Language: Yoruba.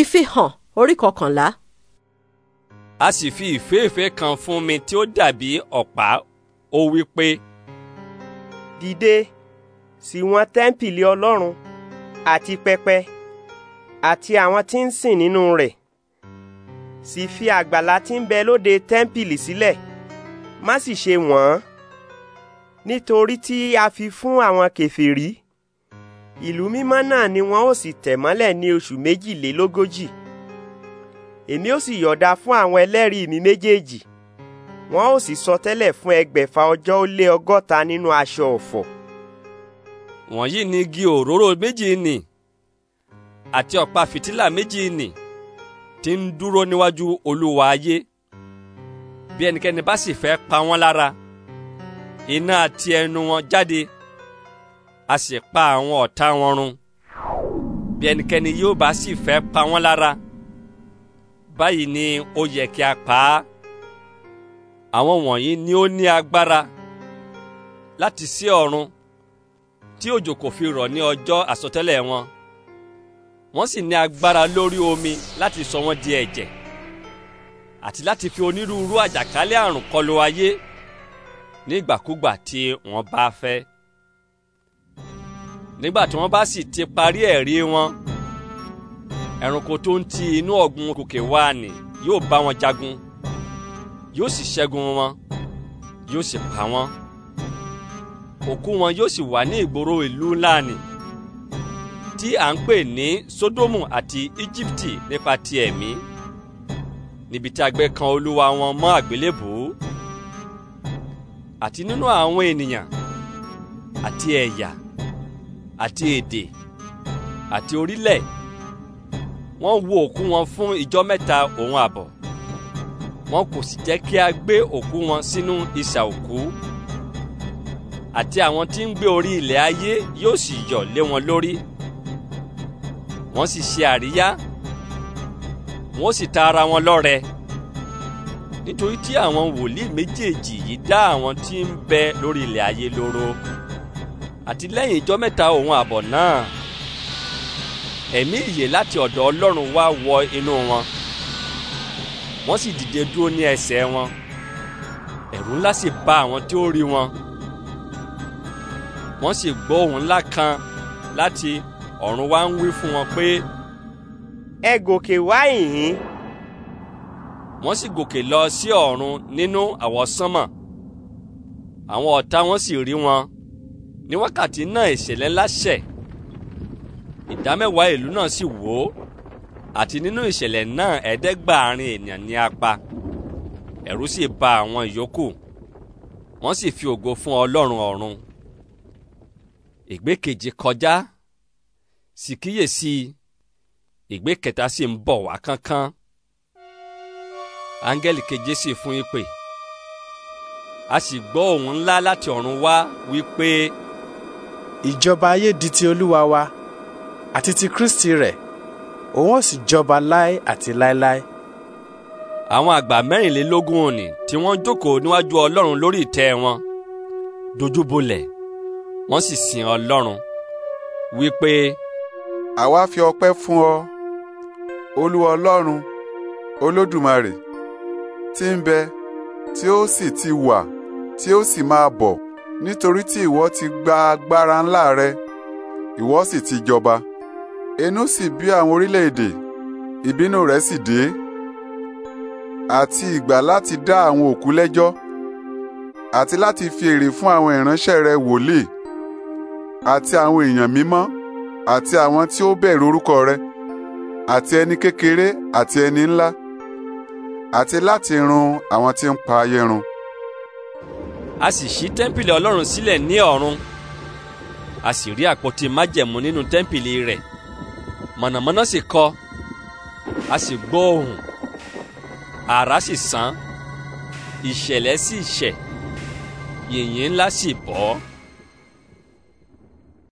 ìfihàn orí kọkànlá. a sì fi ìfẹ́fẹ́ kan fún mi tí ó dàbí ọ̀pá ó wí pé. dìde sì wọ̀n tẹ́ḿpìlì ọlọ́run àti pẹpẹ àti àwọn tí ń sìn nínú rẹ̀ sì fi àgbàlá tí ń bẹ lóde tẹ́ḿpìlì sílẹ̀ má sì ṣe wọ̀n nítorí tí a fi fún àwọn kèfèrí ìlú mímọ́ náà ni wọn ó sì tẹ̀ mọ́lẹ̀ ní oṣù méjìlélógójì èmi ó sì yọ̀dá fún àwọn ẹlẹ́rìí mi méjèèjì wọn ó sì sọtẹ́lẹ̀ fún ẹgbẹ̀fà ọjọ́ ó lé ọgọ́ta nínú aṣọ ọ̀fọ̀. wọ̀nyí ni igi òróró méjì nì àti ọ̀pá fìtílà méjì nì tí ń dúró níwájú olúwa ayé bí ẹnikẹ́ni bá sì fẹ́ pa wọ́n lára iná àti ẹnu wọn jáde a sì pa àwọn ọ̀tá wọn run bí ẹnikẹ́ni yóò bá sì fẹ́ pa wọ́n lára báyìí ni ó yẹ kí a pa á àwọn wọ̀nyí ni ó ní agbára láti ṣí ọ̀run tí òjò kò fi rọ̀ ní ọjọ́ àsọtẹ́lẹ̀ wọn wọ́n sì ní agbára lórí omi láti sọ wọ́n di ẹ̀jẹ̀ àti láti fi onírúurú àjàkálẹ̀ àrùn kọlu ayé nígbàkúgbà tí wọ́n bá fẹ́ nígbà tí wọ́n bá sì ti parí ẹ̀rí wọn ẹranko tó ń ti inú ọ̀gbun kòkè wá nì yóò bá wọn jagun yóò sì ṣẹ́gun wọn yóò sì pa wọn òkú wọn yóò sì wà ní ìgboro ìlú ńlá nì tí à ń pè ní Sódómù àti Íjíbítì nípa ti ẹ̀mí níbi tí agbẹ́ kan olúwa wọn mọ́ àgbélébùú àti nínú àwọn ènìyàn àti ẹ̀yà. E àti èdè àti orílẹ̀ wọ́n wo òkú wọn fún ìjọ́ mẹ́ta òun àbọ̀ wọn kò sì jẹ́ kí a gbé òkú wọn sínú isà òkú àti àwọn tí ń gbé orí ilẹ̀ ayé yóò sì yọ̀ lé wọn lórí wọ́n sì ṣe àríyá wọ́n sì ta ara wọn lọ́rẹ nítorí tí àwọn wòlíì méjèèjì yìí dá àwọn tí ń bẹ lórí ilẹ̀ ayé lóró àti lẹ́yìn ìjọ mẹ́ta òun àbọ̀ náà ẹ̀mí ìyè láti ọ̀dọ̀ Ọlọ́run wá wọ inú wọn wọ́n sì dìde dúró ní ẹsẹ̀ wọn ẹ̀rù ńlá sì bà àwọn tí ó rí wọn wọ́n sì gbọ́ ohùn ńlá kan láti ọ̀run wá ń wí fún wọn pé. ẹ gòkè wá ìhín. wọ́n sì gòkè lọ sí ọ̀run nínú àwọsánmọ̀ àwọn ọ̀tá wọn sì rí wọn ní wákàtí náà ìṣẹ̀lẹ̀ ńlá ṣẹ̀ ìdámẹ́wàá ìlú náà sì wò ó àti nínú ìṣẹ̀lẹ̀ náà ẹ̀ẹ́dẹ́gbàárin ènìyàn ní apá ẹ̀rù sì bà àwọn ìyókù wọ́n sì fi ògo fún ọlọ́run ọ̀run ìgbé kejì kọjá sì kíyèsí ìgbé kẹta sì ń bọ̀ wá kánkán áńgẹ́lì keje sì fún ìpè a sì gbọ́ ohùn ńlá láti ọ̀run wá wípé ìjọba ayé di ti olúwa wa àti ti kristi rẹ̀ òun ó sì jọba láé àti láéláé. àwọn àgbà mẹ́rìnlélógún òní tí wọ́n jókòó níwájú ọlọ́run lórí ìtẹ́ wọn dojúbolẹ̀ wọ́n sì sin ọlọ́run wípé. àwa fi ọpẹ́ fún ọ olúwa ọlọ́run olódùmarè tí ń bẹ tí ó sì ti wà tí ó sì máa bọ̀ nítorí tí ìwọ ti gba agbára ńlá rẹ ìwọ sì ti jọba inú sì bí àwọn orílẹ̀-èdè ìbínú rẹ̀ sì dé àti ìgbà láti dá àwọn òkú lẹ́jọ́ àti láti fi èrè fún àwọn ìránṣẹ́ rẹ wòlíì àti àwọn èèyàn mímọ́ àti àwọn tí ó bẹ̀rù orúkọ rẹ àti ẹni kékeré àti ẹni ńlá àti láti run àwọn tí ń pa ayé run a sì ṣí tẹ́ḿpìlì ọlọ́run sílẹ̀ ní ọ̀run a sì rí àpótí májẹ̀mú nínú tẹ́ḿpìlì rẹ̀ mọ̀nàmọ́ná sì kọ a sì gbọ́ ohùn àrá sì sán ìṣẹ̀lẹ̀ sì ṣẹ̀ yìnyín ńlá sì bọ́.